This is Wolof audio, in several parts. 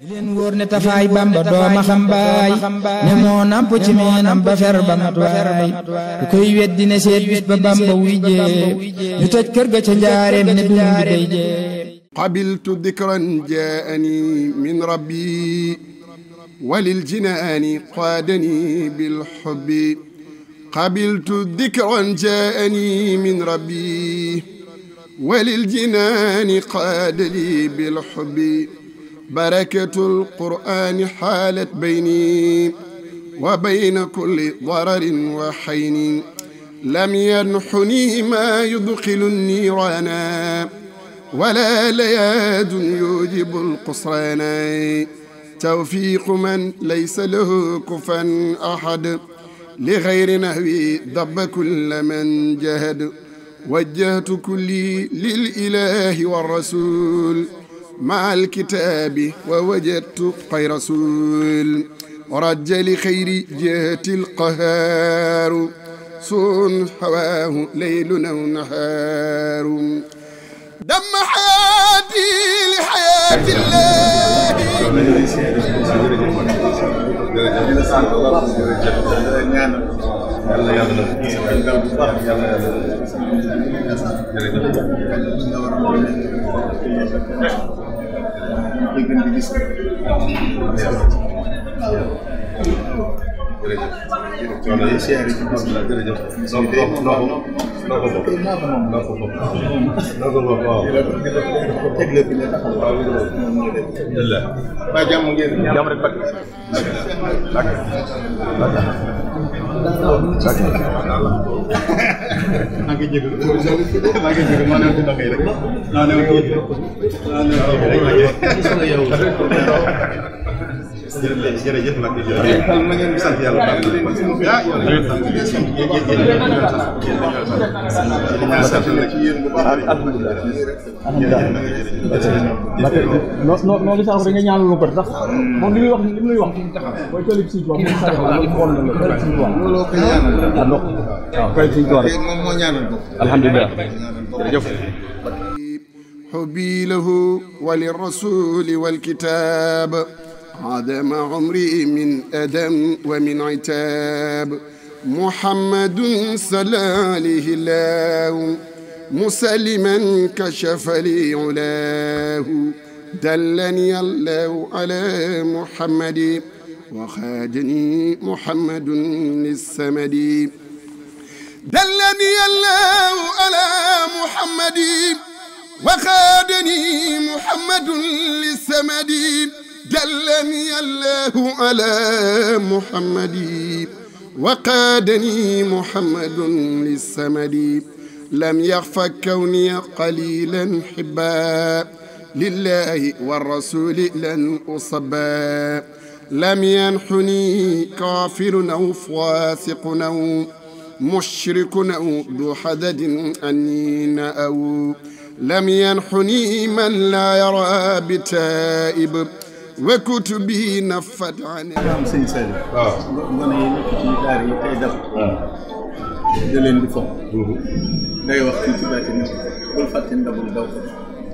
li leen wóor ne tafaay bamba dooma xam baay ne moo namp ci meenam ba fer ba mat waay ku koy weddi ne seet bis ba bamba wuy jéem ñu tëj kër ga ca njaareem ne dund day jéem qabiltu dikran jaani min rabbi walil jinaani qaadani bil hubbi qabiltu dikran jaani min rabbi walil jinaani qaadani bil hubbi barakatul qur'aani xaalat bayni wa bayna kulli dararin wa xayni lam yanxuni maa yudxilu niiraana wala layaadun yujibu alqusraana tawfiiqu man laysa lahu kufan ahad li gayri nahwi daba kulla man jahad wajjahtu kulli lil ilaahi wa rasuul مع الكتاب ووجدت خير رسول ورج لخير جهة القهار صون هواه ليل أو نهار دم حياتي لحياة الله yàlla yàlla yàlla bu baax yàlla yàlla jërëjëf di gën di gis. jërëjëf jërëjëf maa ngi jégalu maa a jégalu a nekk ci ndox yi rek maa nekk ci ndox yi rek jërëjëf jërëjëf nag jërëjëf na ngeen di sant yàlla baax na ah yow dañuy sant yéen sant yéen yéen dañoo sant yéen dañoo sant yéen dañoo sant nag ci yéen bu baax a alhamdulilah jërëjëf noo noo gis nga ñaanal lu ko tax moom li muy wax li muy wax mooy tool yi si tubaab moom sax loolu xool na la si tubaab looloo koy ñaanal ah ndox waaw koy si tubaab moom moo ñaanal bopp alhamdulilah jërëjëf حبي له وللرسول والكتاب عدم عمري من أدم ومن عتاب محمد صلى عليه الله مسلما كشف لي علاه دلني الله على محمد وخادني محمد للسمد دلني الله على محمد وخادني محمد للسمد جلني الله على محمد وقادني محمد للسمد لم يخف كوني قليلا حبا لله والرسول لن أصبا لم ينحني كافر أو فاسق أو مشرك أو ذو حدد أنين أو لم ينحني من لا يرى بتائب wa kutubi nafat an am sëñ Saliou waaw yi nekk ci daar yi tey dal da leen di foog mhm. day wax fii ci bàcc na bul fàtte ndabul daw ko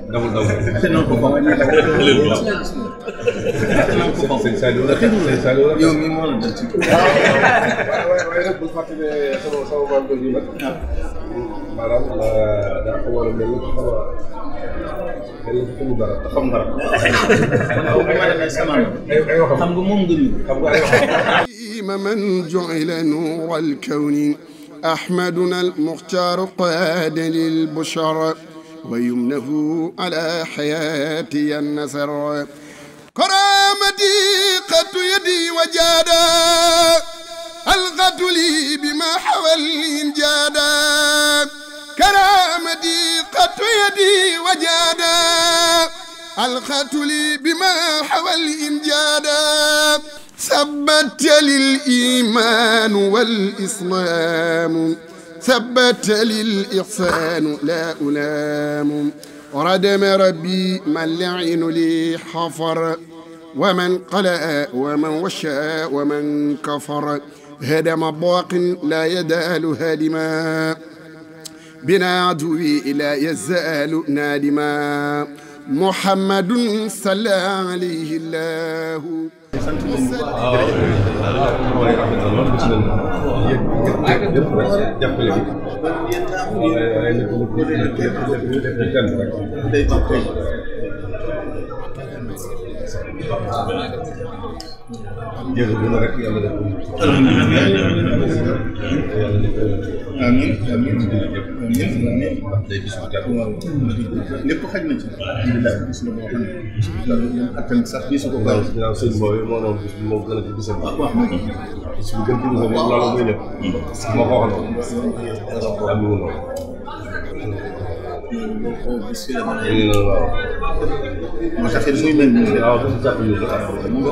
ndabul daw te noonu ko ko yow mii moo la dal ci waaw waaye nag bul fàtte ne sama sama maanaam daa ko war a mel ni ku xaw a mel ni ku xamul dara te xam dara. ay waxam xam nga moom nga ñu. xam nga ay waxam. man ju'ila nuura al-kawni ahmaduna al-muxtaar qaada lil-bushraa wa yumnahu alaa hayaati an-nasar karaamati qattu yadi wa jaada alqatu li bima hawal injaada مددت يدي وجادا ألقت لي بما حوى الإنجادا ثبت للإيمان والإسلام ثبت للإحسان لا ألام وردم ربي من لعن لي حفر ومن قلأ ومن وشاء ومن كفر هدم باق لا يدال هدما بنا عدوي إلا يزال نادما محمد صلى عليه الله jërëjëf rek yàlla def amiin amiin loolu yëpp la ne day bis bu tàgg waaw lépp xaj na ci alhamdulilah bis la boo xam ne loolu moom attan sax bi su ko baax ginnaaw sëñ boobu moo doon bis bi moom gën a ci bisam ah, waaw waaw bis bu gën ci bisam moom loolu muy def moo ko waxoon am lu noonu moo tax it muy mel nii waaw dafa jàpp ñu ko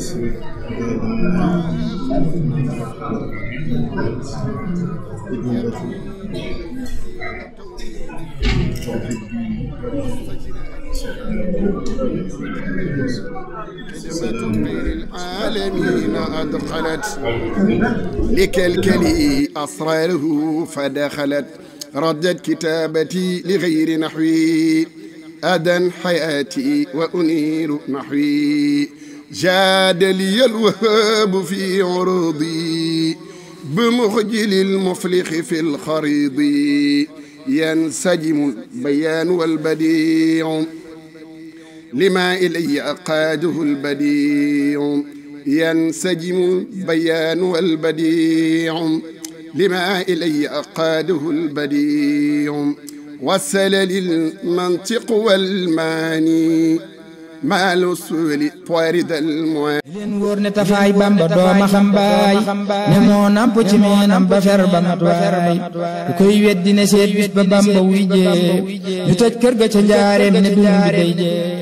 Monsieur et bien العالمين أدخلت لكلكلي أسراره فدخلت ردت كتابتي لغير نحوي أدن حياتي وأنير نحوي jaadali alwahaabu fi urudi bi muxjili almuflixi fi alxaridi yansajimu albayaan walbadiu lima ilay aqaaduhu albadiu yansajimu albayaan walbadiu lima ilay aqaaduhu albadiu wasala lilmantiq walmaani maalu suuli poiri del mooy leen wóor ne tafaay bamba dooma xam ne moo namp ci meenam ba fer ba matwaay ku koy weddi ne seet bis ba bamba wuy jee ñu toj kër ga ca njaareem ne dund day jee